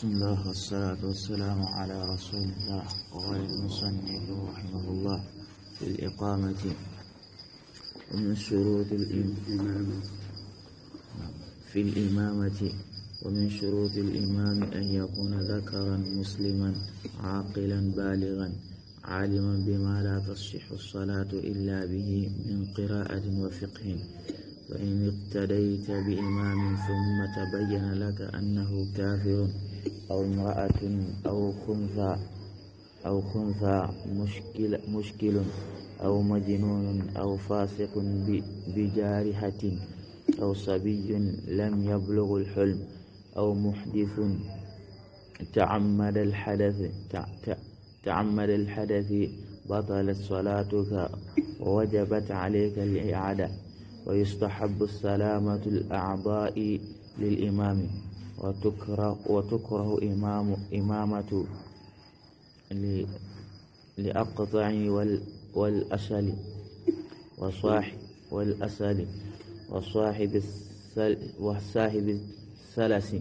بسم الله والصلاة والسلام على رسول الله وغير المصنف رحمه الله في الإقامة ومن شروط الإمام في الإمامة ومن شروط الإمام أن يكون ذكرا مسلما عاقلا بالغا عالما بما لا تصح الصلاة إلا به من قراءة وفقه وإن اقتديت بإمام ثم تبين لك أنه كافر أو امرأة أو خنثى أو خنثى مشكل, مشكل أو مجنون أو فاسق بجارحة أو صبي لم يبلغ الحلم أو محدث تعمد الحدث تعمد الحدث بطلت صلاتك ووجبت عليك الإعادة ويستحب السلامة الأعضاء للإمام وتكره, وتكره إمام إمامة لأقطع والأسل وصاحب والأسل وصاحب وصاحب السلس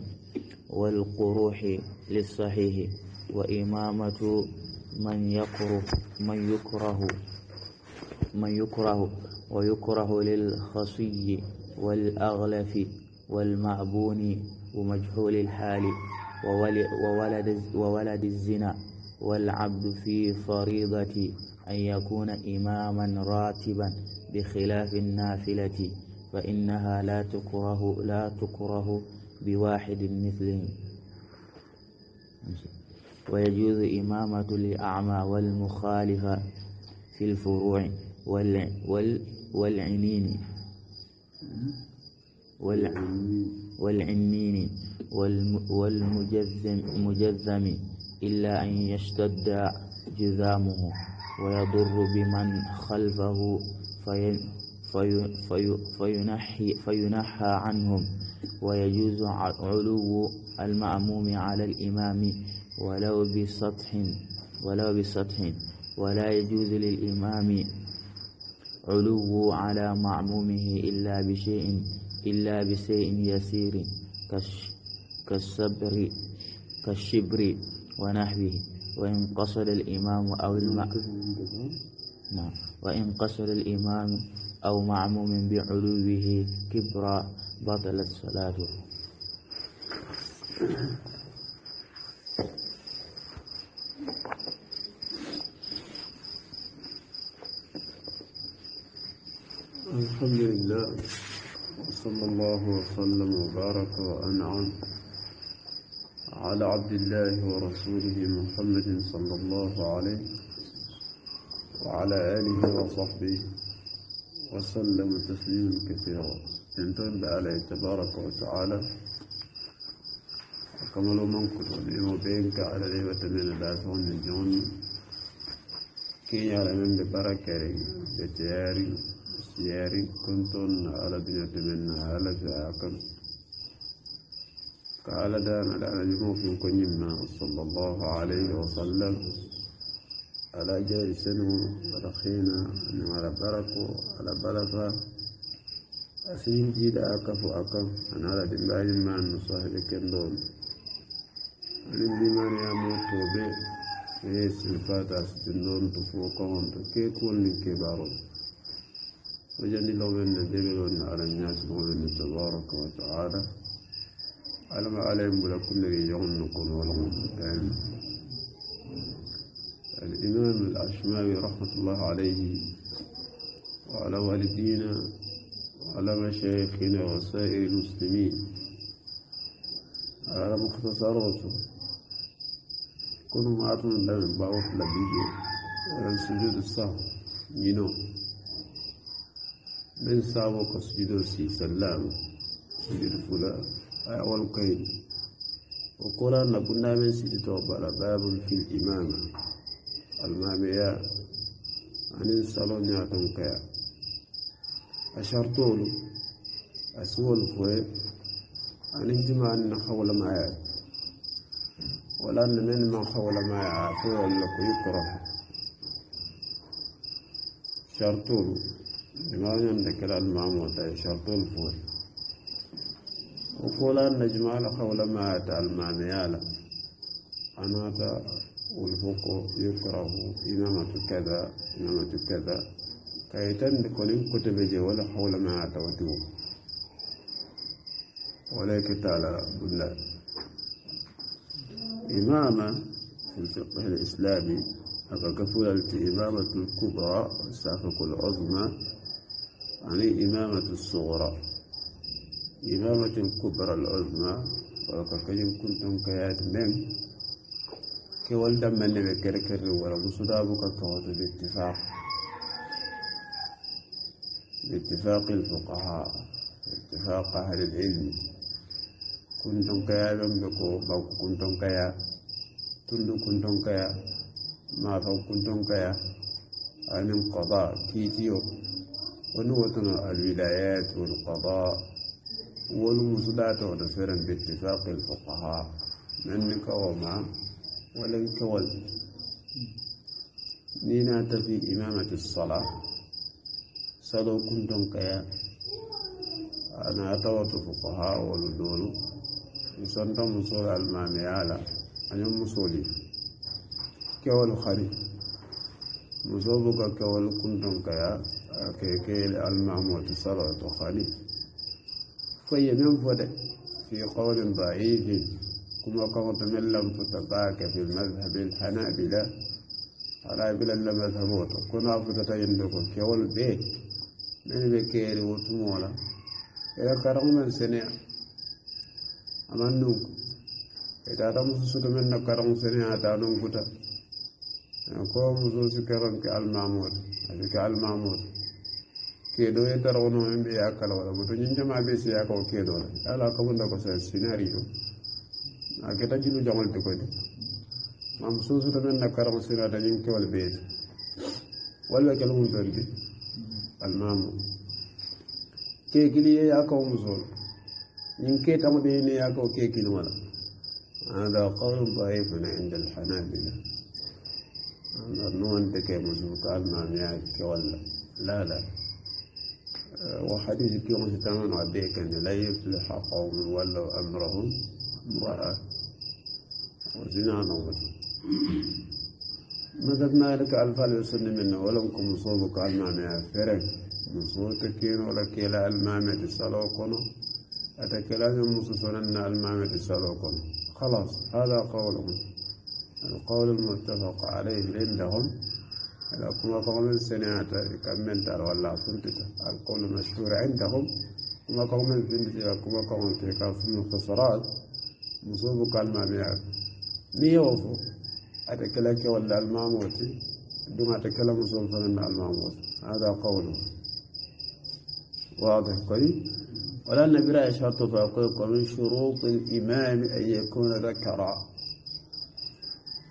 والقروح للصحيح وإمامة من يكره من يكره من يكره ويكره للخصي والأغلف والمعبون ومجهول الحال وولد, وولد الزنا والعبد في فريضة أن يكون إماما راتبا بخلاف النافلة فإنها لا تكره لا تكره بواحد مثله ويجوز إمامة الأعمى والمخالفة في الفروع والعنين والعنين والعنين والمجذم إلا أن يشتد جذامه ويضر بمن خلفه في في في فينحي, فينحى عنهم ويجوز علو المأموم على الإمام ولو بسطح ولو بسطح ولا يجوز للإمام علو على معمومه إلا بشيء إلا بشيء يسير كالصبر كالشبر ونحوه وإن قصر الإمام أو المأموم نعم. وإن قصر الإمام أو معموم بعلوه كبرى بطلت صلاته صلى الله وسلم وبارك وأنعم على عبد الله ورسوله محمد صلى الله عليه وعلى آله وصحبه وسلم تسليما كثيرا انتم عليه تبارك وتعالى وكملوا منكم ونعموا بينك على ليبة من الآثون الجون كي يعلم ببركة لتياري ياري كنتون على بنات من على جاكم قال دان على جموف كنما صلى الله عليه وسلم على جاري سنو رخينا انما على بركو على بركة أسين جيدا أكف أكف أنا على بنبالي ما نصاهد كندون لندي ما نعموت به إيه ليس الفاتح ستندون تفوقهم تكيكون لكبارهم وجعل الله بين الدين وأن على الناس بقول تبارك وتعالى على ما عليهم ولا كل نقول ولهم العلم الإمام الأشماوي رحمة الله عليه وعلى والدينا وعلى مشايخنا وسائر المسلمين على مختصراته كونوا معتم لهم باوف لبيجو ولن سجود السهو ينوم من سامو كسجد سي سلام سجد فلا أي أول كين وقرآن نبنا من سيد توبة باب في الإمامة المامية عن الصلاة نعتم كيا أشرطول أسول فوي عن الجماعة نحول معايا ولا من ما حول معايا عفوا لك يكره شرطول جماعة نكلا المام وتاي شرط الفور وقولا نجمع لقول ما أتى المعنيالا أنا هذا والفوق يكره إنما كذا إنما كذا كايتن كولين كتب ولا حول ما أتى وتو ولكن تعالى بالله إماما في الفقه الإسلامي أكا كفولة إمامة الكبرى والسافق العظمى يعني إمامة الصغرى إمامة الكبرى العظمى ولك كنتم كيات من كولد دم من بكركر ولا مصدابك كوت باتفاق باتفاق الفقهاء باتفاق أهل العلم كنتم كيا بمبكو بو كنتم كيا تندو كنتم كيا ما فو كنتم كيا أن انقضاء كيتيو ونوة الولايات والقضاء والمصدات ونفرا باتفاق الفقهاء من كوما ولن كول نينا في إمامة الصلاة صلو كنتم كيا أنا أتوت فقهاء والدول يسنتم مصول الماميالا أن يمصولي كول خريف مصوبك كول كنتم كيا كيكيل المعمود صلاة خليل فهي منفذ في قول ضعيف كما قولت من لم تتباك في المذهب الحنابلة على بلا المذهب كنا فتتين لكم كيول بيت من بكير وتمولا إذا كرم من سنة أمنوك إذا رمز سلمنا كرم سنة أتانون كتا كوم زوز كرم كالمعمود أبي كالمعمود kedo e tarawono men ɓe yakkala wala goto ñin jama ɓe si yaka o kedola ala kabunda ko sa scénario a keta jilu jangolti koyde mam susuta men nakkaramo sinata ñin kewal ɓeeti walla kel mum toldi almamu ke kili ye yaka o musol ñin ketamo ɗe ne yaka o ke kilimala هذا قول ضعيف عند الحنابلة أنا نون بك مسوك المام يا ولا لا لا وحديث كيوم تمام عليك أن لا يفلح قوم ولوا أمرهم امرأة وزنا نوبة مذهب مالك الفال يسن منه ولم كن صوبك المعنى فرن من صوتك ولا كلا المعنى تسألوكنا أتكلم مصصرن المعنى تسألوكنا خلاص هذا قولهم القول المتفق عليه عندهم على كما قوم سنات كم من تار ولا سنت القول مشهور عندهم كم قوم بنت كم قوم في كافم القصرات مصوب كلمة بيعك نيوفو أتكلك ولا الماموت دون أتكلم مصوب فلنا الماموت هذا قوله واضح كويس ولا النبي رأي شرط فأقولك من شروط الإمام أن يكون ذكرا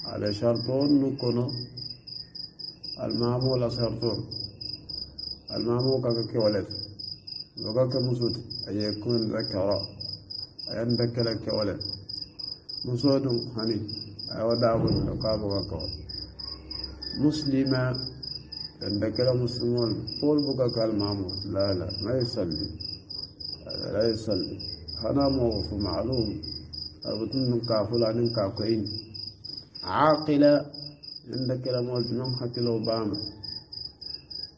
على شرط نكون المامو لا سرطون المامو كاكا كولد كان مسود أي يكون أي أن ذكر كولد مسود هني أو داون لقاب وكو مسلما أن ذكر مسلمون قول بكاك المامو لا لا ما يصلي لا يصلي هنا موقف معلوم أبتن كافل عن كاكوين عاقلة عندك لا موز نوم حتي لو بام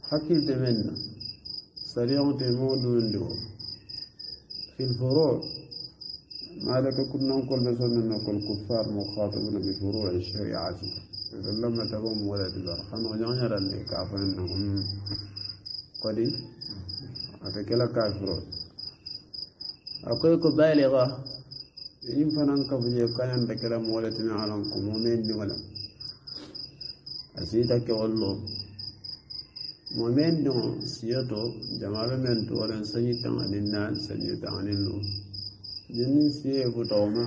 حكي دمنا سريع تمود وندو في الفروع ما لك كنا نقول مثلا نقول كفار مخاطبون بفروع الشريعة إذا لم تقوم ولا تدار خلنا نجهر اللي كافرين هم قدي كافر أقول كبالغة إن فنان كفجي كان عندك لا مولتنا على كمومين دولا asita kewol mo momen ɗo siyoto jamaɓe men towolen sañi taŋanin naan sañi taŋanin lu jinnin siye futawma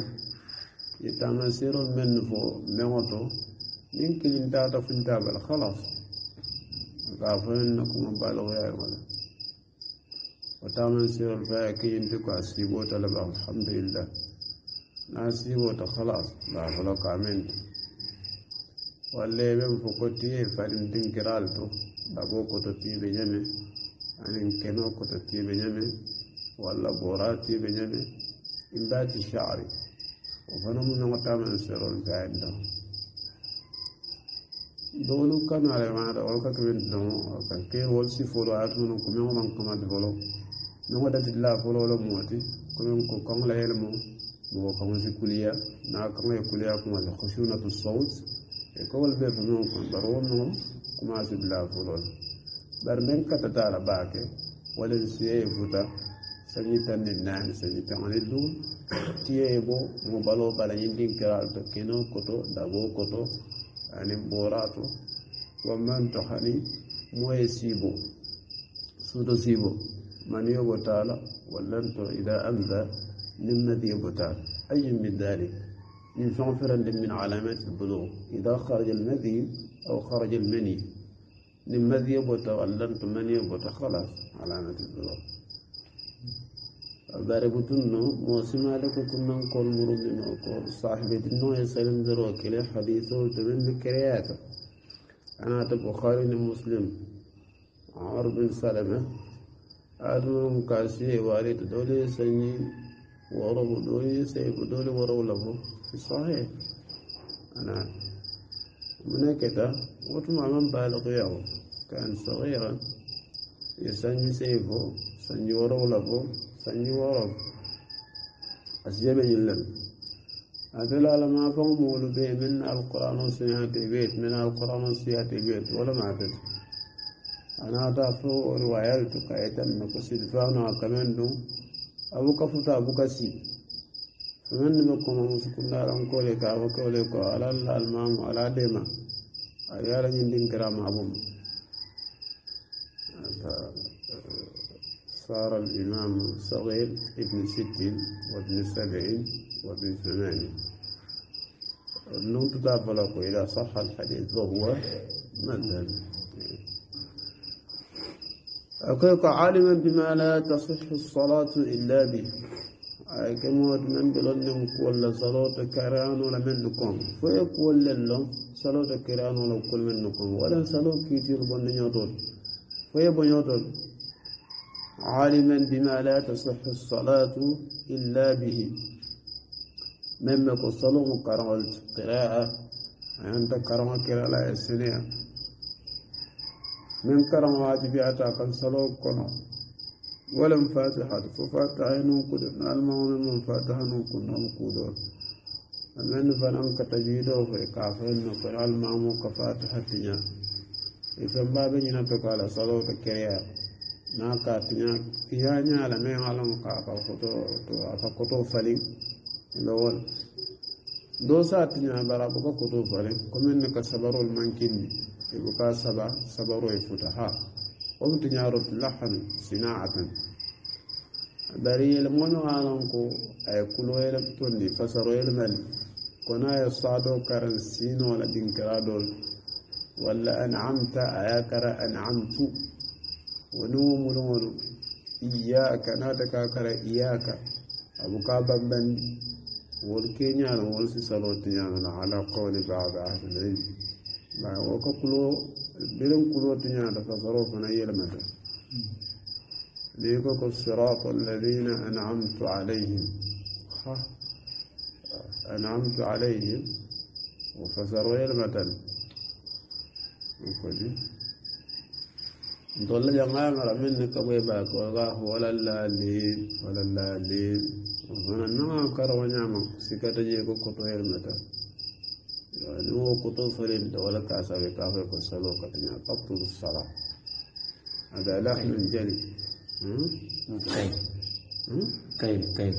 i taŋa sirol men fo meŋo to niŋ kilintata funtabal halas ka fonen na kuma balogoyaye wala o taŋa sirol faya kiyinti ko a siibota le ba alhamdulillah na siibota halas ba folo kamente walla ɓen fo ko tiye fanin dinkiral to babo koto tiɓe ñame anin keno koto tiɓe ñame walla bora tiɓe ñame imbati shari o fana mu ñogotaman serol gayen ɗon dowolu kano ala maɗa wol ka kemen don ka keer wol si folo atunono ko men oman kamade folo men waɗatilla folo wolo muwati komin ko kongla yel mo mowo kaŋo si kuliya na kaŋo ye kuliya kuma si husunatu saut kowol ɓe ko noon kon bar wonnoon commence bila fulol bar min katatara baake waɗen siyeye futa sañi tanni naani sañi taŋani ɗum tiyoye bo mo balo bala yindin kiral to keno koto dago koto anin ɓorato wamman to hani moye siibo suuto siibo man yobo taala wallanto ida amda nimmadi yobo taala ayum min dalik من فعفرا من علامات البلوغ إذا خرج المذي أو خرج المني من مذي وتولنت مني خلاص علامة البلوغ تنو موسم عليك كنا نقول مرمين نقول صاحب النوع يسلم ذرو كلي حديثه وتمن ذكرياته أنا البخاري مسلم عمر بن سلمة أدم كاسي والد دولي سنين ورو دوري سيب دوري ورو لبو في صحيح أنا من كذا وتم من بالغ ياو كان صغيرا يسني سيفه سني ورو لبو سني ورو أسجبه يلم أدل على ما فهموا به من القرآن وسيئة بيت من القرآن وسيئة بيت ولا ما أدل أنا أضعف روايات كايتا نقصد فانا كمان دون abuka futa abuka si men be koma musukundaran kole ka abu kole ko ala almamu ala dema a yara ñindin kirama abum صار الإمام الصغير ابن ست وابن سبع وابن ثمان ننتدى بلقوا إذا صح الحديث وهو مذهب أكيك عالما بما لا تصح الصلاة إلا به أي كموت من بلنهم كل صلاة كران ولا منكم فيقول لهم صلاة كران ولا كل منكم ولا صلاة كتير بن يطول فيبن يطول عالما بما لا تصح الصلاة إلا به مما مقصلهم قرأت قراءة عند قراءة قراءة السنة من كرم واجب عتاقا صلو كنو ولم فاتحة ففاتح ننقد نعم، المعون من فاتح ننقد ننقد أمن فنان كتجيدو في كافر نقد المعمو كفاتحة تنيا إذن باب ينتك على صلو تكريا ناكا تنيا فيها نعلم من علم كافر خطو فلي الأول دوسات تنيا برابك خطو فلي كمين كسبرو المنكين يبقى سبع سبع رويفوتها قلت يا رب لحن صناعة بري المونو عالمكو أي كلو يلم توني فسر يلم كنا يصعدو كرنسين ولا دينكرادول ولا أنعمت أياكرا أنعمت ونوم لون إياك نادك أكرا إياك أبو كابا بن والكينيا نوصي صلوتي على قول بعض أهل العلم bara wo ko kulo birin kulo tiñaata fasaroo fana yelemata ni ko ko sirata alladina anamtu alayhim ha anamtu alayhim wo fasaroo yelematan kodi ntolla jangaangara min ni kaɓoy baa koga walallalin walallalin fana naga karawo ñama sikkata jee ko koto yelematan niwo koto folel da wala ka sabe ka fe ko salo ka tanya qabtu sala ada lahlul jali kay kay kay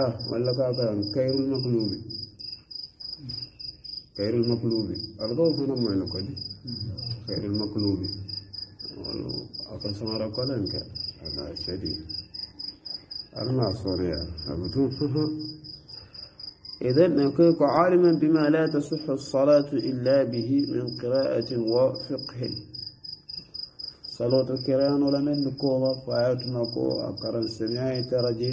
ah wala ka ka kayrul maqlubi kayrul maqlubi algo fana moy no ko di kayrul maqlubi wala akan samara ko lan ka ada shadi alma soriya abutu إذا نكون عالما بما لا تصح الصلاة إلا به من قراءة وفقه صلاة الكرام ولم من كوبا فايتنا أقرن سمعي ترجي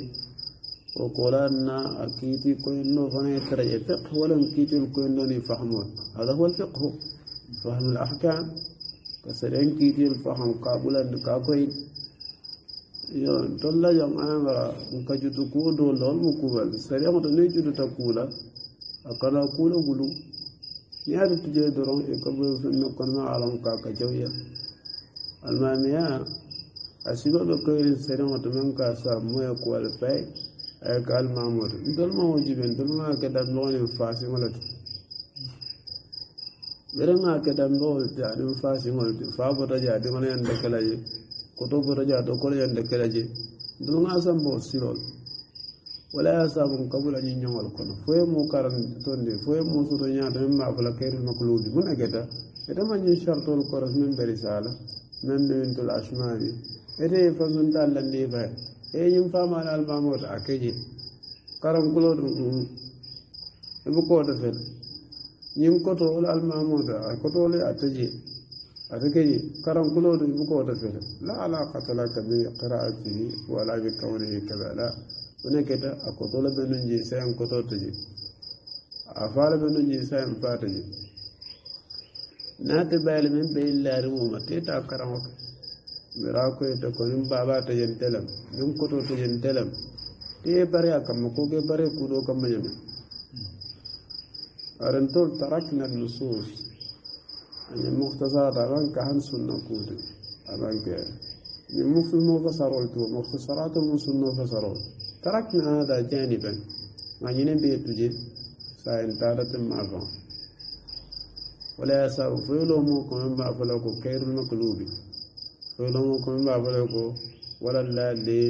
وقولنا أكيتي كوينو نفني ترجي فقه ولم كيتي كوينو فهمون هذا هو الفقه فهم الأحكام كسرين كيتي الفهم قابلا كاكوين yo dolla jam anga kajutu kuwodolla holmo kuwal sariyama to nay judata kuula a kala kuula gulu mi ari tije doron e kabo fimmi konma alam ka ka jawya almamiya a sibaɓe kayri sariyama to men ka sa moya kuwal pay aye ka almamoto dolma o jiɓen dolma kedam ɗoni fasiŋola to ɓerega kedam ɗo ta ɗum fasiŋol to fa botaje a ɗiŋona yande kalaje koto foto to kore yande kelaje san bo sirol wala ya sabun kabula ñin ñogol kono foye mo karan tonde foye mo nya ñaata min mafula kairu makludi mun ageta geta etama ni shartol koros min nan asmani min newintol asmabi ete façon tallandi ba e ñin famala almamota a keje karankulo ɗum eɓe koto fel ñin koto wol almamota koto kotole a taje A rike ɗin karam kulo du ɗin ko bata fere ala ala kasala kabe karam ajiye ko ala yake kawar ne ke ta a kotolo minun jiya sai an kototaci a falo minun jiya sai an fataki. Na ta bayar min bai yin mu ma ta ita karamaka. Miran kuyi dako yin baba ta yin dalam yun kototu yin dalam ta iya bari a kama ko kibare kuɗo ka ma yamma. Karantol faratina dama sun. ani muhtasar aranka han sunna kudu aranka ni mufil no fasarol tu muhtasaratul musunna fasarol tarakna hada janiban ma yinen be tuje sa intadatin ma'afa wala yasaru fuyulo mu kuma ba fala ko kairul maqlubi fuyulo mu kuma ba fala ko wala lalle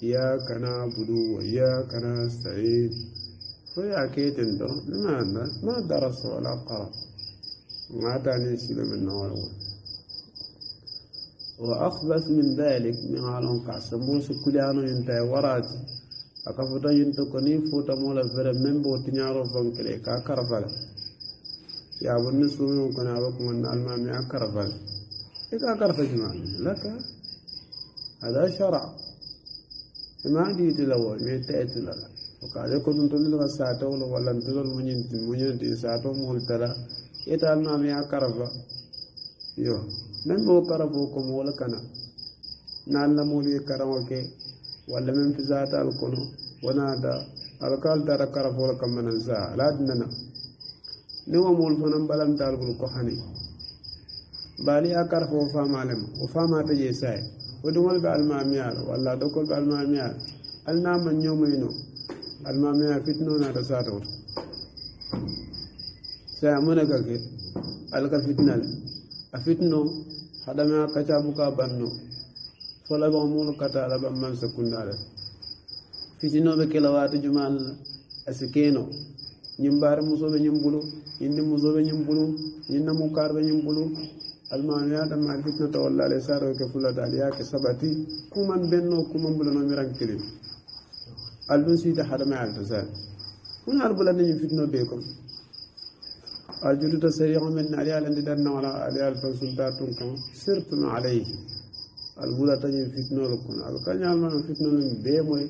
ya kana budu wa ya kana sa'id fuya kaitin do lima ma darasa wala qara ما تاني سيلو من نور وأخبث من ذلك من عالم كل كلانو ينتهي وراد أكفتا ينتقني فوتا مولا فر من بو تنيارو كلي كا يا أبو سومي كنا بكم من المامي كرفل إذا كرفل جمال لك هذا شرع ما دي تلوى يتأتي لك وقال يكون تلوى ساتو ولا تلوى من تلوى ساتو مولتلا كيتال نامي كرفا يو من مو كرفوكم ولا كنا نال مولي كرمك ولا من في ذات الكون ونادى القال دار كرفول كم من الزا لا دنا نو مول فنم بلم دار بل كهني بالي أكره وفام علم وفام تجي ساي ودمل بالماميال ولا دكول بالماميال النا من يومينو الماميال فتنونا تساتور saya mana gage alaka fitna le a fitno hadama kaca buka banno fola ba mulu kata la ba man sakunda le fitino be kela wata jumal asikeno nyim bar muso be nyim bulu indi muso be nyim bulu indi mu kar be nyim bulu almanu ya da ma fitna to walla le saro ke fula da ya ke sabati kuman benno kuman bulu no miran kirim alun sita hadama alta sa kun arbulan nyim fitno be kom الجلد سريع من عليها لندن ولا عليها الفلسفات كم سرتنا عليه المولا تجي فتنة لكم الكن يا من فتنة من بيموي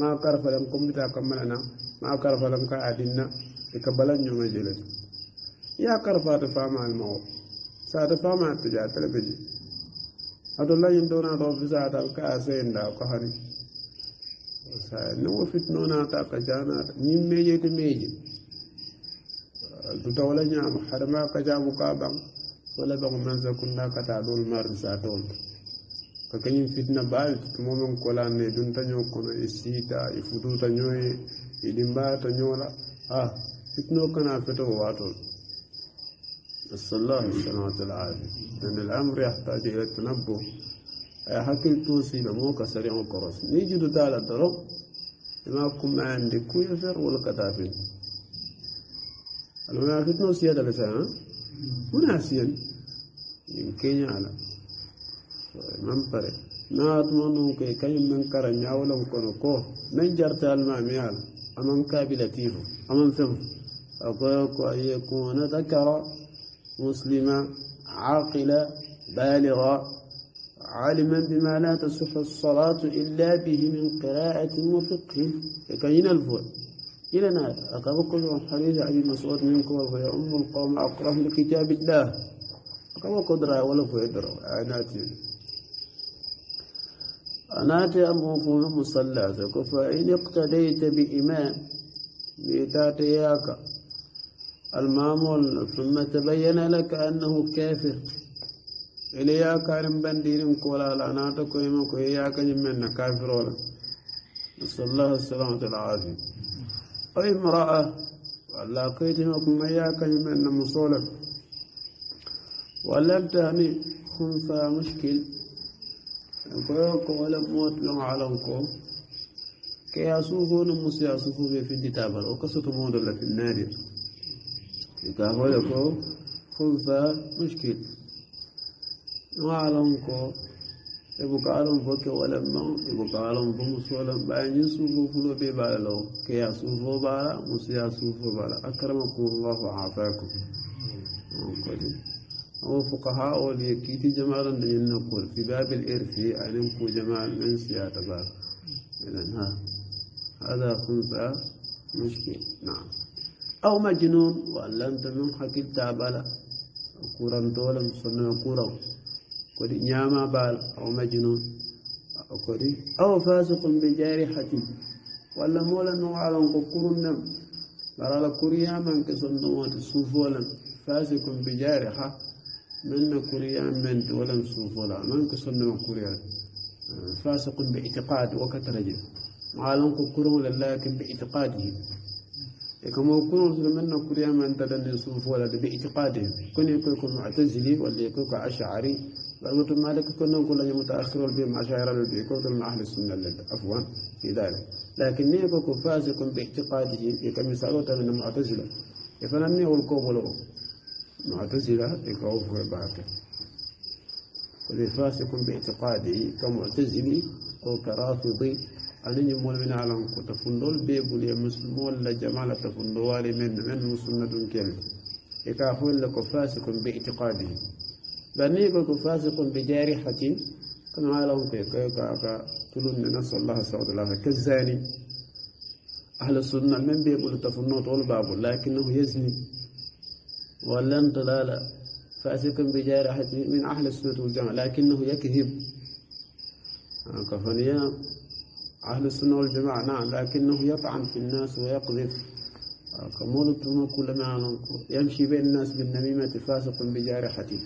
ما كار فلان كم بتا كملنا ما كار فلان كعدنا تكبلن يوم الجلد يا كار فاتفهم الموت ساتفهم التجارة لبجي هذا الله يندونا دو في ساعة الكاسين دا كهري نو فتنة ناتا كجانا نيم ميجي تميجي tuta wala ñaamu harama kacaabu ka baŋ wala baŋo maŋ sa kunda kata doolu maaru sa toolu ka kañiŋ fitina baawi tumo meŋ kolaanne dunta ñoo kono i siita i futuuta ñoo ye i dimbaata ñoo la a fitinoo kana feto wo waatoolu نسأل الله السلامة والعافية لأن الأمر يحتاج إلى التنبه أي حكي توصي لموك سريع وكرس نيجي تالا درو لما كنا عندك كل فر والكتافين أنا المناخ نو سيادة لسا مناسيا يمكن على من بره نات منو كي كي من كرنيا ولو كنو كو من جرت الماميال أمن كابلتيه أمن ثم أقولك أن يكون ذكر مسلما عاقلا بالغا عالما بما لا تصح الصلاة إلا به من قراءة وفقه كاين نلفوه إلى أكبر حريز عبد مسعود منكم وهي أم القوم أقرهم لكتاب الله كما قدرة ولا قدرة عناتي أناتي أمو فوز مصلاة فإن اقتديت بإمام بإتاتياك المامون ثم تبين لك أنه كافر إلياك عن بندين كولا لعناتك ويمك وإياك من كافر ولا نسأل الله السلامة العافية أي امرأة ولا كيتنكم إياك من مصولك ولا تهني خنفا مشكل كويوكو ولا موت بن علمكو كي يصوفون موسى يصوفوا في الدتابة وقصة مود في النار يقولك لكم خنفا مشكل ما علمكو يبقى عالم فك ولا ما يبقى عالم فمس ولا بعدين سوف فلو بيبال له كي يسوف بارا مسيا سوف بارا أكرمك الله وعافاكم أو فقهاء ولي كيتي جمالا دين نقول في باب الإرثي علمك جمال من سيات بار إذا هذا خمسة مشكل نعم أو مجنون وأن لم تمن حكي التعب على كورا دولا مسمى كورا kodi ñaama بال أو مجنون kodi أو فاسق بجارحة ولا مولا moola noxaalon ko kurun nem barala kuriyamanke sonnowote suufolan فاسق بجارحة من كوريا من دولا نصوف ولا من كسرنا من كوريا فاسق باعتقاد وكترجل معلم كورو لكن باعتقاده كما يكون من كوريا من تدني نصوف ولا باعتقاده كن يكون معتزلي ولا يكون عشعري لأنه مالك كنا نقول متأخروا البيع مع شعر البيع كنت مع أهل السنة عفوا في ذلك لكن نيكو فاسق باعتقاده كم سألوت من معتزلة فلن يقول كوبلو معتزلة يكوف باكر كل فاسق باعتقاده كمعتزل أو كرافضي أن يمول من عالم كتفندول بيبولي مسلمون لجمال تفندوالي من من مسلمة كل يكافون لك فاسق باعتقاده بني كو فاسق بجارحة كما لهم في كا كا تلون نفس الله سعود الله كزاني أهل السنة من بيقول تفنو طول باب لكنه يزني ولن طلال فاسق بجارحة من أهل السنة والجماعة لكنه يكذب آه، كفنيا أهل السنة والجماعة نعم لكنه يطعن في الناس ويقذف آه، كمولتما كل ما يمشي بين الناس بالنميمة فاسق بجارحته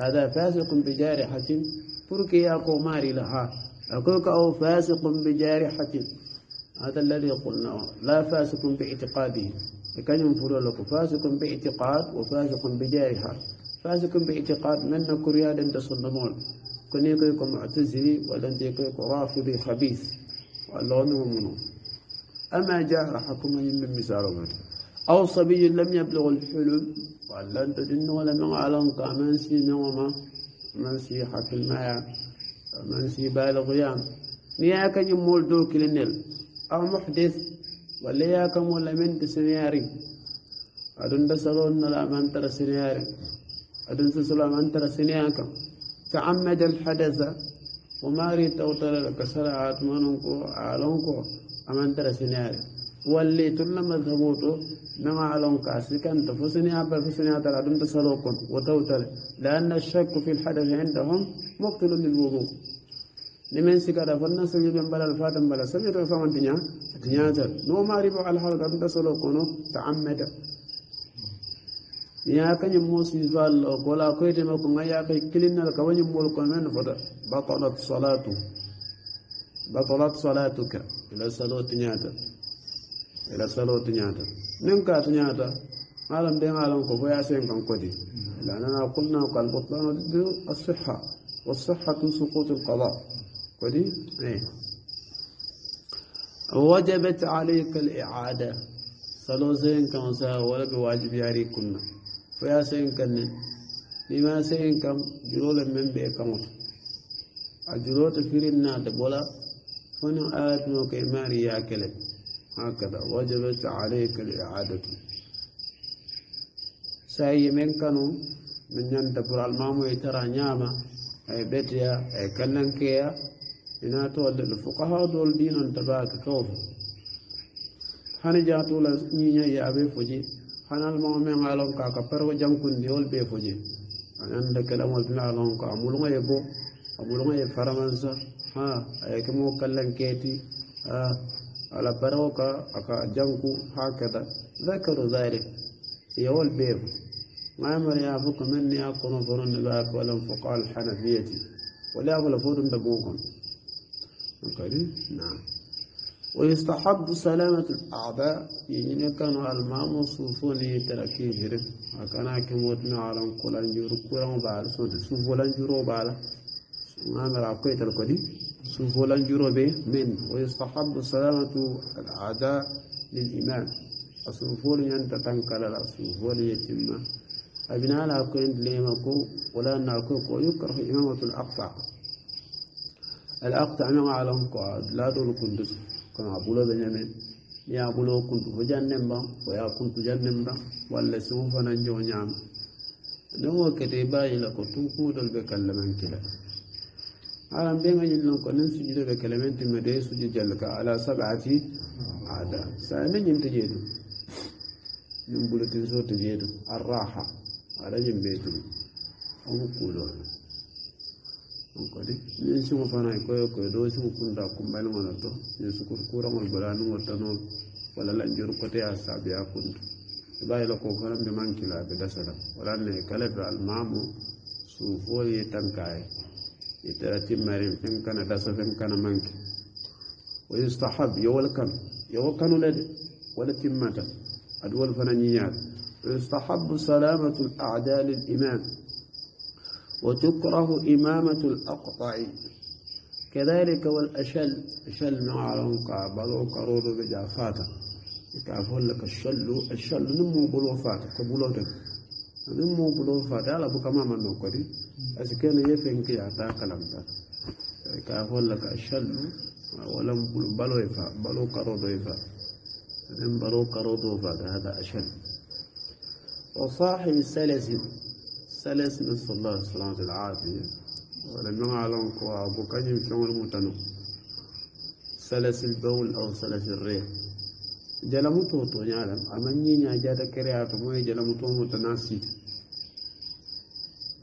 هذا فاسق بجارحة تركي أكو ماري لها أكوك أو فاسق بجارحة هذا الذي قلناه لا فاسق باعتقاده كان ينفر لك فاسق باعتقاد وفاسق بجارحة فاسق باعتقاد من كرياد تصنمون كن يكيك معتزلي ولن يكيك رافضي خبيث والله منه أما جارحكم من مثال أو صبي لم يبلغ الحلم وعلنت دين ولا من علم كمن سي نوما من سي حق المايا من سي بالغ يام نياك نمول دوك لنل أو محدث ولا ياك مول من تسنياري أدن تسلون نلا من ترى سنياري أدن تسلون من ترى سنياك تعمد الحدث وما ريت أوتر لك سرعة منكو عالمكو أمن ترى سنياري واللي تلما ذهبوتو نما علون كاسكن تفسني أبا فسني أتلا دم تسلوكن وتوتل لأن الشك في الحدث عندهم مقتل للوضوء لمن سكر فلنا سجد بلا الفاتم بلا سجد فمن تنيا تنيا تل نو ما ربع الحال دم تسلوكن تعمد يا kanyi موسى zuwal kola akwai ما ma يا كي كلنا na ka wani mulkon بطلت fada بطلت salatu batalat salatuka ila salatu nyata ila من كات نياتا عالم بين عالم كو يا سين كان كودي لاننا قلنا قال بطلان ضد الصحه والصحه سقوط القضاء كودي ايه وجبت عليك الاعاده صلو زين كان سا ولا بواجب ياري كنا فيا سين كان لما سين كم جلول من بي كموت الجلوت فيرنا دبولا فنو آدمو كيماري يا كلب هكذا وجبت عليك الإعادة ساي من كانوا من ينتبر المامو يترى نعمة أي بيتيا أي كلنكيا إنا تولد الفقهاء دول دين تباك كوف hani jaatula ñiña yaabe fuji hanal mo men alon ka ka perwo jankundi wol be fuji ananda kalamol tuna alon ko amulunga ye bo amulunga ye faramansa ha ay kemo kallan keti ha على بروكا أكا جنكو هكذا ذكروا ذلك يقول بيرو ما أمر يافك مني أكون فرن باك ولا فقال الحنفية ولا أقول فرن دقوكم نعم ويستحب سلامة الأعداء يعني كانوا الماء مصوفوني تركيه أكنا كموتنا على كل جور كل بعد سوف لن جور بعد ما أمر أقويت الكدي سفول الجروبي من ويستحب سلامة الأعداء للإمام السفول ينتتنكر السفول يتم أبناء العقيد ليمكو ولا نعكوك ويكره إمامة الأقطع الأقطع ما نعم علم قعد لا دول كندس كما أقول بنيامين يا أقول كنت فجنن با ويا كنت جنن با ولا سوف ننجو نعم نوكتي باي لك توكو دول بكلمان كده aran be ŋañin lon ko nan sujudo ɓe kelemen timme de suju jallu ka ala sabati ada sa ne ñim e to jeetu ñum bulotin so to jeetu arraha ada ñim ɓe tum omo kuulol onkodi ñin sumo fana koyo koye do sumo kunta kumbayliŋono to ñi sukur kuraŋol bola nuŋol tano wala lanjor kote a sabi a kuntu i ɓa yilo ko fanan be mankila ɓe dasala walanne kalabe almamo suufoo ye tankaye إتلا تماري فين كان داس فين كان مانك ويستحب يول كان يول كان ولد ولا تماتا أدول فنانيات ويستحب سلامة الأعداء للإمام وتكره إمامة الأقطع كذلك والأشل أشل مع لونقا بلو كرور بجافاتا يكافون لك الشل الشل نمو بلو فاتا نمو بلو على لا بكما من نوكري أسكن يفنك يعطاك لم كأقول لك أشل ولم كل بلو يفا بلو كرودو يفا من بلو كرودو بعد هذا أشل وصاحب سلس سلس نسأل الله السلامة العافية ولم يعلم كوا أبو كنيم شو المتنو سلس البول أو سلس الريح جلمتو تو يعلم أمني نجاتك ريعة موي جلمتو متناسيت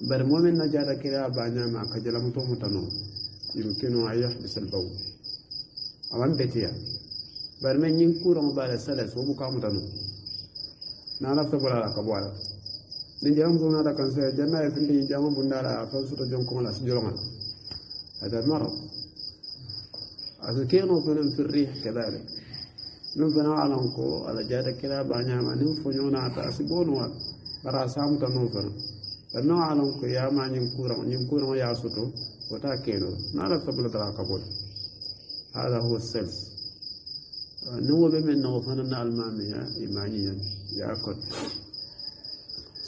bari momin na jata kiriya bañama ka jalamuto mu tano yumkinu an yahbisa albawl awan betiya bari men ñin kuuroŋo baala salas wo buka mu tano naala la ka bo ala ni jamu so naata kan saya janna ye findi jamu bundala a fan soto jonkoŋo la si sijoloŋo la hada almarad aso keno fenen fi rih kadalik min fana alan ko ala jata kiriya bañama nin foño naata asi bonuwal bara a samutano fana فنو عالم كيا ما نيمكورو نيمكورو يا سوتو وتا كينو نالا سبل ترا قبول هذا هو السلس نو بمن نو فنن المانيا ايمانيا يا كوت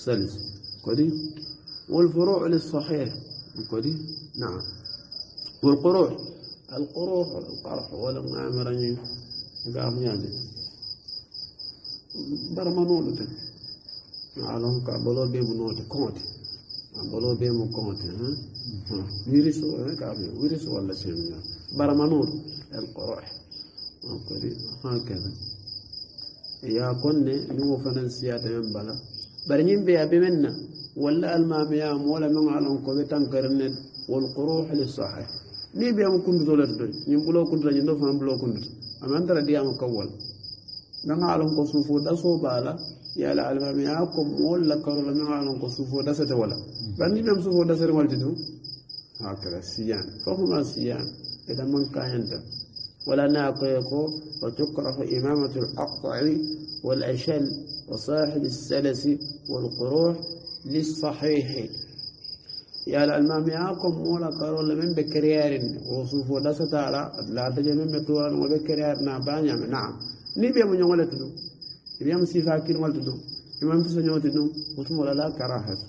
سلس كودي والفروع للصحيح كودي نعم والقروع القروع القرح ولا ما امرني قام يعني alon hmm. ka bolo be mu noti konti bolo be mu konti wiriso ka be wiriso walla semina baramanol el qoroe on kodi hankeda ya konne ni wo fanan siyata men bala bari ñin be abe men na walla almamiyam wala men alon ko be tankarne wal quruh li sahih ni be am kundu dolet do ñin bulo kundu ñin do fam bulo kundu am antara diam kawal men alon ko sufu da bala يا العلماء يا أقوم ولا كرر نوع من قصوف ودسة ولا بني نام صوف ودسة والجدو هكذا سيان فهما سيان إذا من كان ولا ناقيق وتكره إمامة الأقطع والأشل وصاحب السلس والقروح للصحيح يا العلماء يا أقوم ولا كرر من بكريار وصوف ودسة على لا تجمع من طوران وبكريار نعم نعم نبي من يوم ibiyam sifa kirmal tudum imam tisanyo tudum utum wala la karahat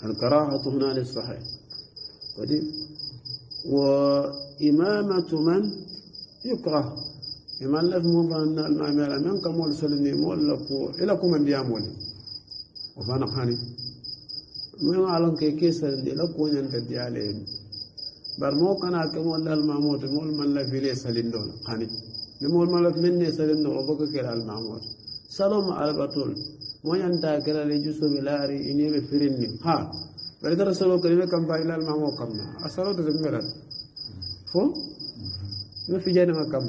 al karahat huna lil sahih طيب وإمامة من يكره إما لف مظن المعمل من كمول سلني مول لفو إلى كم من يامول وفانا خاني من علم كي كيسر دي لكون أنت دي عليهم برمو كان كمول المعمود مول من لفي ليس خاني يمول ملك مني سلم نغبك كلا المعمول سلام على بطول وين تاكل لجسو بلاري إني بفرني ها بلد رسول كريم كم بايل المعمول كم أسرو تزمرت فو مفجر ما كم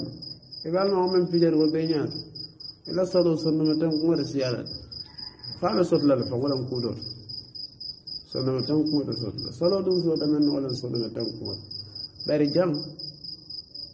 إبال المعمول مفجر والبينات إلا صلوا صلوا متن قمر سيالة فعل صوت لا فوق ولا مكودور صلوا متن قمر صوت صلوا دون صوت من ولا صلوا متن قمر بارجام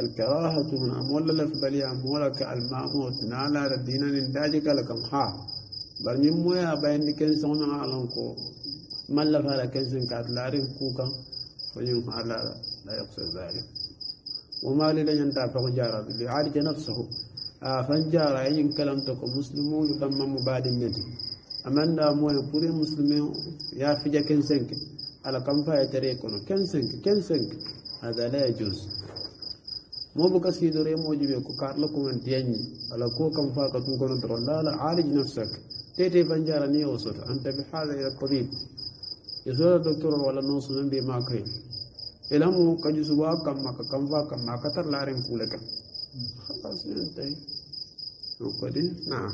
الكراهة من أمول لك بل يأمولك الماموت نالا ردينا نداجك لك مخا بل نمو يا بين كن سونا علنكو ما لك على كن سن كاتلارين كوكا فين على لا يقصد ذلك وما لي لن تفق لعالك نفسه فنجارا إن كلمتك مسلمون لما مبادئ نتي أمن دا مو يقول مسلمين يا فجا كن سنك على كم فايتريكونا كن سنك كن سنك هذا لا يجوز mo buka sidore mojibe ko karla kumanti yanni ala ko kam fa ka tun kono toro la la alij nafsak tete banjara ni o soto anta bi hala ila tabib yasura doctor wala no sunan be makre elamu kaju suba kam maka kam fa kam maka tar larin kulaka خلاص انتهي وقدي نعم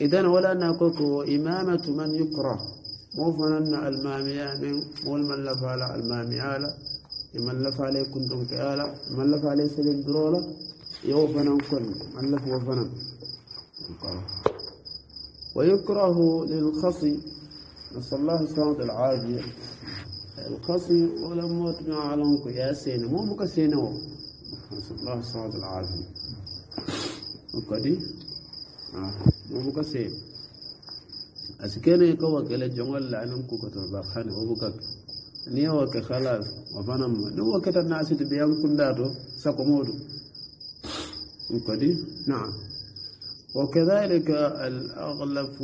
إذن ولا ناكوكو إمامة من يكره مو فنن الماميان مو المن لفال الماميالا من لف عليه كنتم كآلا من لف عليه سجن درولا يوفنا كل من لف وفنا ويكره للخصي نسأل الله السلامة العاجية القصي ولم موت على علمك يا سينا مو مك سينا نسأل الله السلامة العاجية وكدي آه مو مك سينا أسكينا يكوك إلى جمال لعنمك كتر بخاني وبكك نيوك خلاص وفنم نيوك الناس تبيان كل داتو سكومودو وكدي نعم وكذلك الأغلف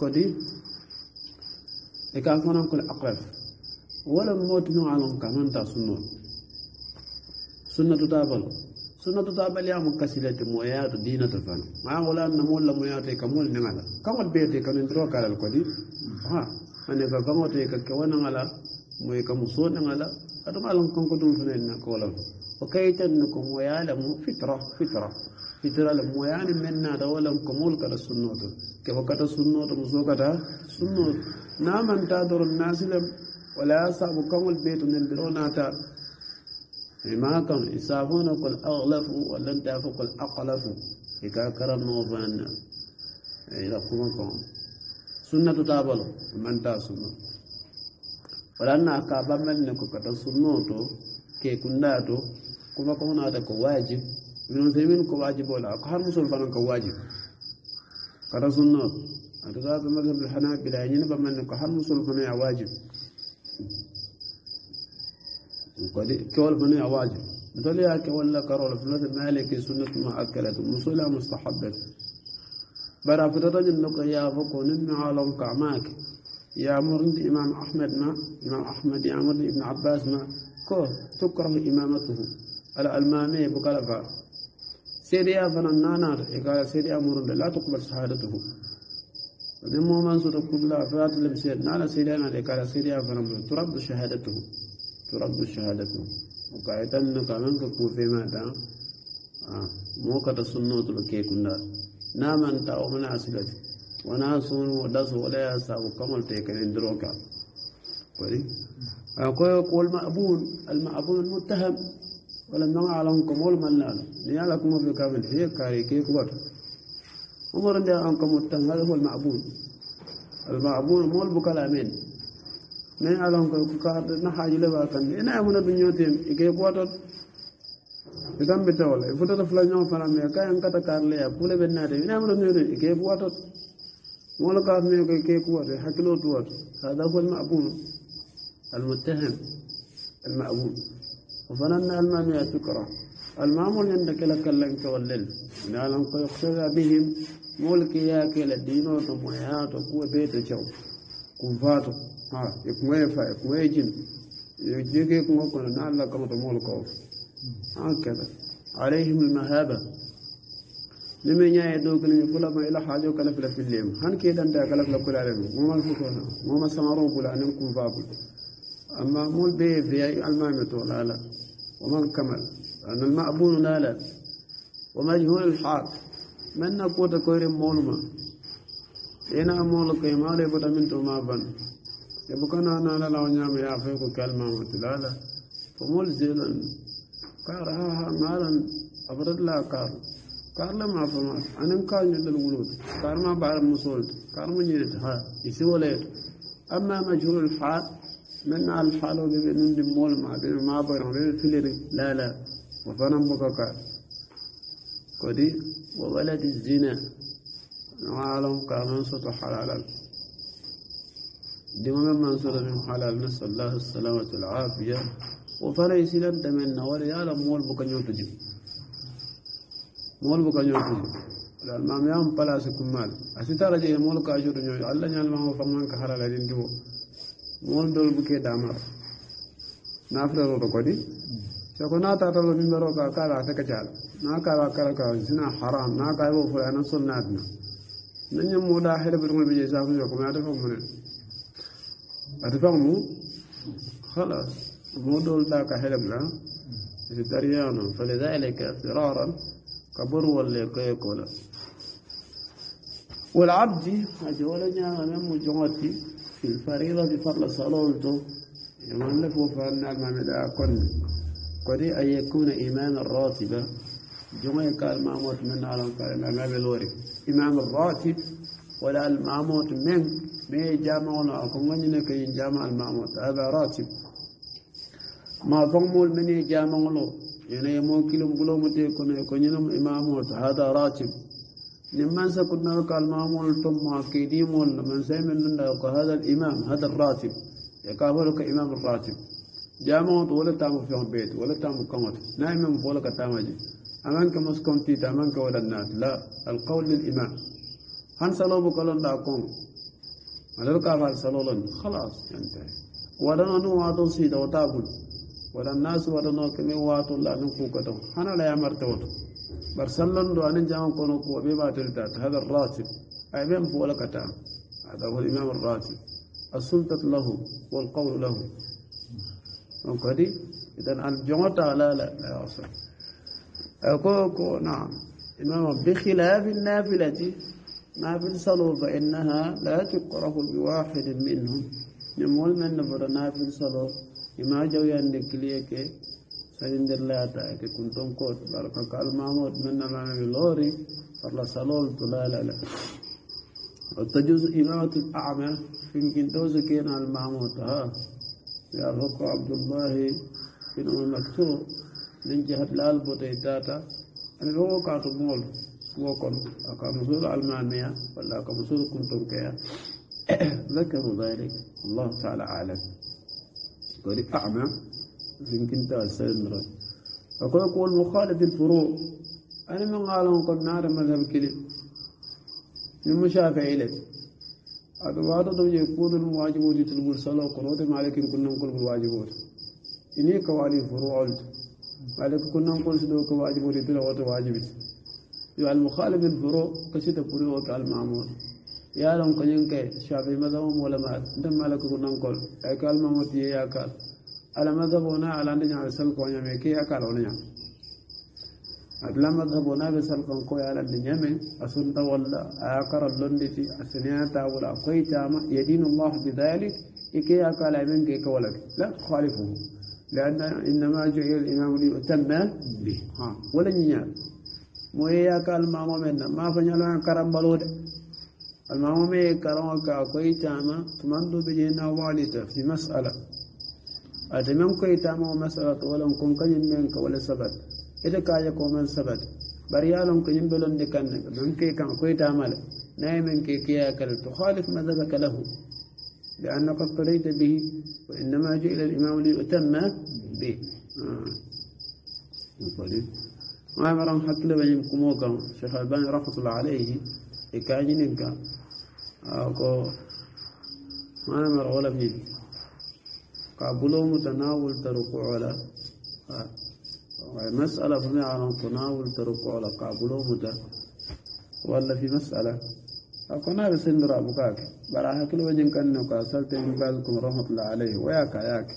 كدي إكاس من كل أقرف ولم موت نوع لهم كمان تسنو سنة تابل سنة تابل يا مكسلة مويات دينة فن ما ولا نمول لمويات كمول نمالا كم البيت كان يدرو كار الكدي ها أنا فكمت كوانا على moy kam so sodan ala adum alon kon ko dum fene na ko law o kaytan ko moy moyalam fitra fitra fitra la men na da wala ko mul kala sunnatu ke ko kata sunnatu sunnoto so kata sunnatu na man ta dur nasilam wala sabu kamul betu nel bilonata ma kan isafuna kul aghlafu walan tafu kul aqlafu ika karam no fanna ila kuma kan sunnatu tabalo man ta sunnoto ولأن أكابا مدنة كتا سنوتو كي كنداتو كما كون هذا كواجب من المسلمين كواجب ولا أكهر مسلم فانا كواجب كتا سنوت أتغاب مذهب الحنابلة يعني نبا مدنة كهر مسلم فانا واجب كول فانا واجب نتولي هاكي ولا كرول فلوث مالك سنة ما أكلت مسلا مستحبت برا فتتجن نقيا فكو نمي عالم كعماكي يأمر بإمام أحمد ما إمام أحمد يأمر ابن عباس ما كو تكره إمامته على المامي بقلفا سيدي يا فنان نانار قال سيدي أمر لا تقبل شهادته ذمو من صدق قبلا فلا تلم سيد نانا سيدي أنا قال سيدي يا فنان ترد شهادته ترد شهادته وقاعدة كمان كوفي ماذا آه. مو كتا سنوت لكي كنا نام أنت أو من أسلت wona suunu dasu wala sabu kamol te kenen diro ka wari koyo wal ma'bun al ma'bun al muttaham wala non alon ko mol man laalo ni ala kuma be kabel he kare ke ko wat umar nda an ko muttaham hada huwa al ma'bun al ma'bun mol bu kalamen mais alon ko ka na haaju le ba kan ina amuna dunyo tem ike ko watot itam be tawla ifutata fula ñoo fana me kayan kata karle ya kule be naade ina amuna dunyo tem ike ko watot ولا قاف من كي كي قوات حكلو توات هذا هو المأبون المتهم المأبون وفننا المامية فكرة المامون عندك لك لنك والليل من ألم يقتدى بهم ملك ياك للدين وتمويات وقوة بيت جو كوفاتو ها يكوي فا يكوي جن يجيك يكوي كنا نعلق مطمول قوف هكذا عليهم المهابة nime ñaye dokene mi fulama ila haajo kala fila fillema han ke danda kala fila kulare mi momal fukona moma samaro bula anen kufa bula amma mol be veya almami to lala wamal kamal an almabunu lala wa majhul alhaq man na kota koyre moluma ena molo koy maale bota min to ma ban e bukana nala law ñama ya fe ko kalmamatu lala fo mol zelan kar ha ha malan afrat la karu كارلا ما فما أنا مكان للولود الولود كارما بعد مصول كارما جلت ها يسولي أما مجهول الحال من على الحال وبين دمول ما بين ما بين وبين فيلري لا لا وفنا مبكا كدي وولد الزنا عالم كامن صوت حلال دمنا من صوت من حلال نسأل الله السلامة والعافية وفنا وفريسلا دمنا وريالا مول بكنيو تجيب moolu buka ñoo fili dal maam yaam place kummaal asitara je moolu ka juru ñoo alla ñal ma fa man ka harala din diwo moolu dol buke damar nafila roto kodi soko na tata lo min baro ka kala ta kacal na kala kala ka zina haram na ka bo fura na sunnat na nan nyam moda hada bi ngol bi sa ko ko ma dafa mun ata fa mu خلاص مو دول ذاك حلم لا تدريانه فلذلك اضطرارا kaburu ولا koye kola والعبد أجول نعم مجوتي في الفريضة فرل صلوته يملك فأن من لا كن قري أن يكون إماما الراتبة جمع قال موت من على قال ما بالوري إمام الراتب ولا الماموت من ما ولا أكون من كي جامع الماموت هذا راتب ما ضموا من جامعنا ene e mo kilo bugulomo te kono e ko ñinam imamu to hada ratib nin man sa kutnaro ka almamol tom mo akidimol man sa men nunda ko hada alimam hada ratib e ka folo ko imam ratib jamoo to wala tamo feŋ beeti wala tamo kaŋote na imam fola ka tamaje aman ke moskon tiita aman ke wala naati la alqawl lilimam han salobo kolonɗa kon alal ka fa salolon halas yantahe waɗano nu wato siida wota bulu والناس ودنا كم يوات الله نفوك دم أنا لا يمر توت برسلن دو أن جام كونو كوبي باتل تات هذا الراتب أي بين فولا كتام هذا هو الإمام الراتب السلطة له والقول له من قدي إذا الجمعة لا لا لا يوصل أكوكو نعم إمام بخلاف النافلة نافل صلو فإنها لا تقره بواحد منهم نمول من نبرا نافل صلو ima jawyande kiliye ke sarinderlayata ke kunton koot bar kanko almamot men nananami loori parla salol to lalala وتجوز إمامة الأعمى في يمكن توزكين على المعموتها يعرفك عبد الله بن أم مكتوم من جهة الألبوتيتاتا أنا بوقع تمول وكن أكمسور ألمانيا ولا أكمسور كنتم كيا ذكروا ذلك الله تعالى أعلم ولي أعمى يمكن تأسل مرد فكل يقول مخالف الفروع أنا من قال أنكم نار مذهب كلي المشافعي لك هذا وعد دم يكون الواجب وجود المرسل وقروت مالك كنا نقول بالواجب إني كوالي فروع قلت مالك كنا نقول سدوك واجب وجود الواجب يعني المخالف الفروع قصيدة فروع المعمول ye lon ko ñiŋ kay shafi masabo molema ntema la kuku nankol ay ko almamo tiye ya kal ala masabo na ala nde ñaŋ sal ko ñame ke ya kal wona ñaŋ abla masabo na be sal kon ko ya ala nde ñame asunta walla aya karal londi ti aseniyata wala koytama yadinu llah bidalik ike ya kal ay men ke ka wala la tukhalifuhu لأن إنما جعل الإمام ليؤتم به ها ولا نيال مويا قال ما منا ما فنيا كرم بلود المعمومة كرون كأكوي تاما تمندو بجينا والدة في مسألة أتمم كوي تاما مسألة ولن كن كجن منك ولا سبت إذا كايا كومن سبت بريالهم كجن بلن دكان من كي كان كوي تاما نايم من كي كيا كل تخالف ما مذهبك له لأنك اقتديت به وإنما جاء إلى الإمام ليؤتم به آه. ما مرام حتى لو يمكموكم شيخ الباني رحمة الله عليه إكاجنك او معنا مرغوله بني قابلهم تناول تركوا على مسألة فما عن تناول تركوا على قابلهم ولا في مسألة أكون بس ندرا بكاك برا هكلو وجن كان نوكا سلت ابن باز رحمة الله عليه وياك ياك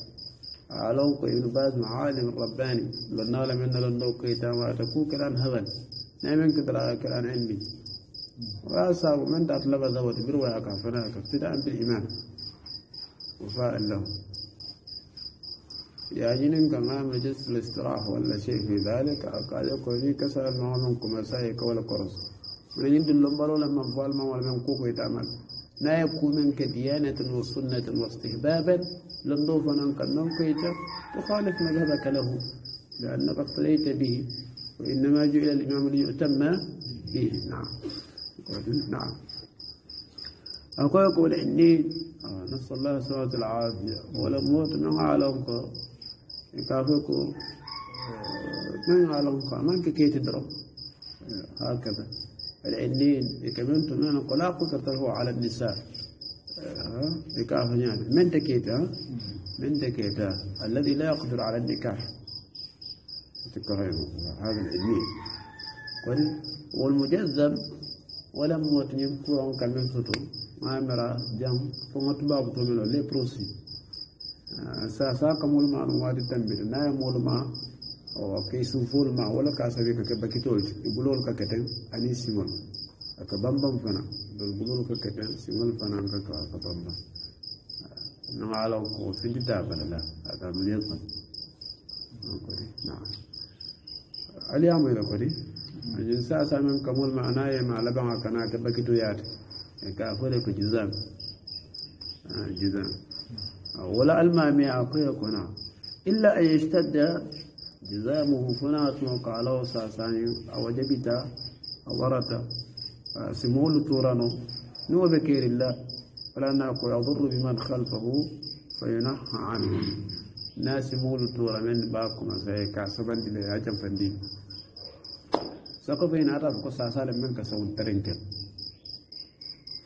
علوم ابن باز معالم رباني لنا لم ينلن لو كيتا ما تكو كلام هغن نعمين كدرا كلام علمي وأسا من دات لبا زوت بروا يا كافرنا ابتداء بالإيمان وفاء له يا جنين كما مجلس الاستراحة ولا شيء في ذلك قال يقول لي كسر المعلوم كما سايك ولا قرص من يند اللمبر ولا من ما ولا من كوكو يتعمل لا يكون منك ديانة وسنة واستهبابا لنضوف أنك ننقيت تخالف مذهبك له لأنك اقتليت به وإنما جعل الإمام ليؤتم به نعم نعم أقول يقول إني آه، نسأل الله سبحانه العافية ولا موت من عالم يكافيكو آه، من عالم آه، من كيت الدرب هكذا العنين يكمنت من قلا له على النساء نكاح يعني من تكيتا من تكيتا الذي لا يقدر على النكاح هذا العنين والمجزم wala moti ñin kuron kamen soto mamira jam fonga tubabu to melo les prosi sa ah, sa kamul ma no wadi tambi na ya molu ma o oh, ke su fol ma wala ka sabe ka bu ibulol ka keten ani simol aka bam fana bu bulol ka keten simol fana ka ka aka bam ah, na ala ko ta findita balala aka mulyan ko ko na ali la ko di ajin sasa men kamol ma'ana ya ma laban kana ta bakito ya ta ka fure ku jizam jizam wala almami akwai kuna illa ay ishtadda jizamuhu kuna to qalaw sasani awajabita awarata simul turano no bakirillah wala na ko yadurru biman khalfahu fayunaha anhu nasi mulu tura men ba kuma sai ka saban dile ya jamfan dile سقفين عرف قصة سالم منك سو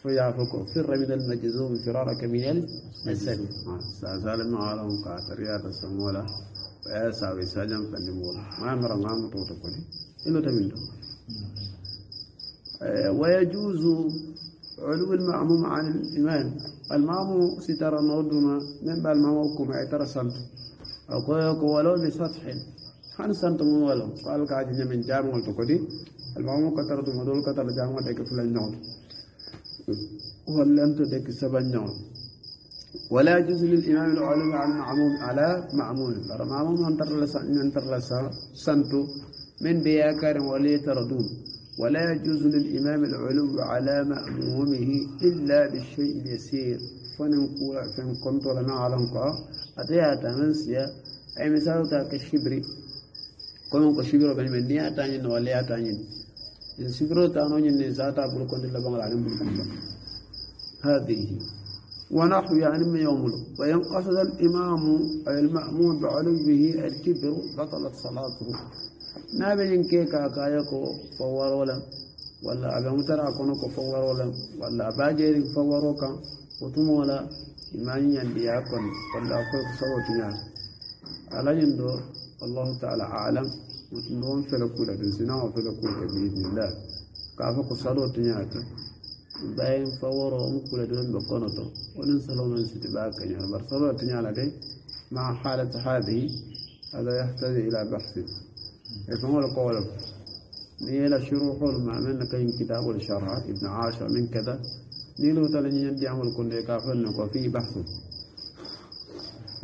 فيا فوق فر من المجذوم فرارك من المسد سالم عالم قاتر يا تسمولا ويسا ويساجم فنمولا ما امر ما مطوط مطوطكني إنه تمين ويجوز علو المعموم عن الإيمان المعموم سترى نودنا من بالمعموم كما اعترسلت أقول ولو بسطح خان سنت مو والو قال كاج ني من جام ولت كودي المهم كتر دو مدول كتر جام ما ديك فلان نوت ولم تدك سبع نوت ولا جزء للامام العلوي عن معمول على معمول ترى معمول من تر لسا من تر لسا سنت من بياكر ولي تردون ولا يجوز للامام العلو على مامومه الا بالشيء اليسير فنم قوه فنم كنت لنا على انقا اتيا تمسيا اي مثال تاك الشبري kono ko sibiro bani men ni ya tanyin no wala ya tanyin in sibiro ta no nyin ne zata bul kon dilla bangala ne bul kon hadhihi wa nahwu yani min yawmul wa yanqasad al imam ay al ma'mum bi alayhi al kibr batalat salatuhu na be yin ke ka kaya ko fawar wala walla abe mutara kono ko fawar wala walla abaje ri fawaro kan wotuma wala imani yandiya kon walla ko sawotinya alayin do والله تعالى عالم وتنون فلكولا بنسنا وفلكو بإذن الله كافة قصالة وتنياتا باين فورو مكولا دون بقونتو وننسلو من ستباكا يعني برسالة دي مع حالة هذه هذا يحتاج إلى بحث يفهمون القول نيلا شروح مع من كاين كتاب الشرع ابن عاشر من كذا نيلو تلني يدعم الكل كافر وفيه بحث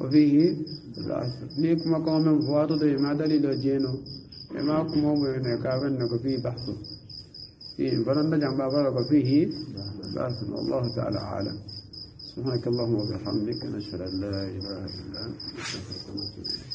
وفيه العصر ليك مقام فواتو دي ما دليل جينو ما كمو بينا كافن نكو فيه بحث فيه فرن نجم بابرك فيه بحث والله تعالى عالم سبحانك اللهم وبحمدك نشهد ان لا اله الا انت نستغفرك ونتوب اليك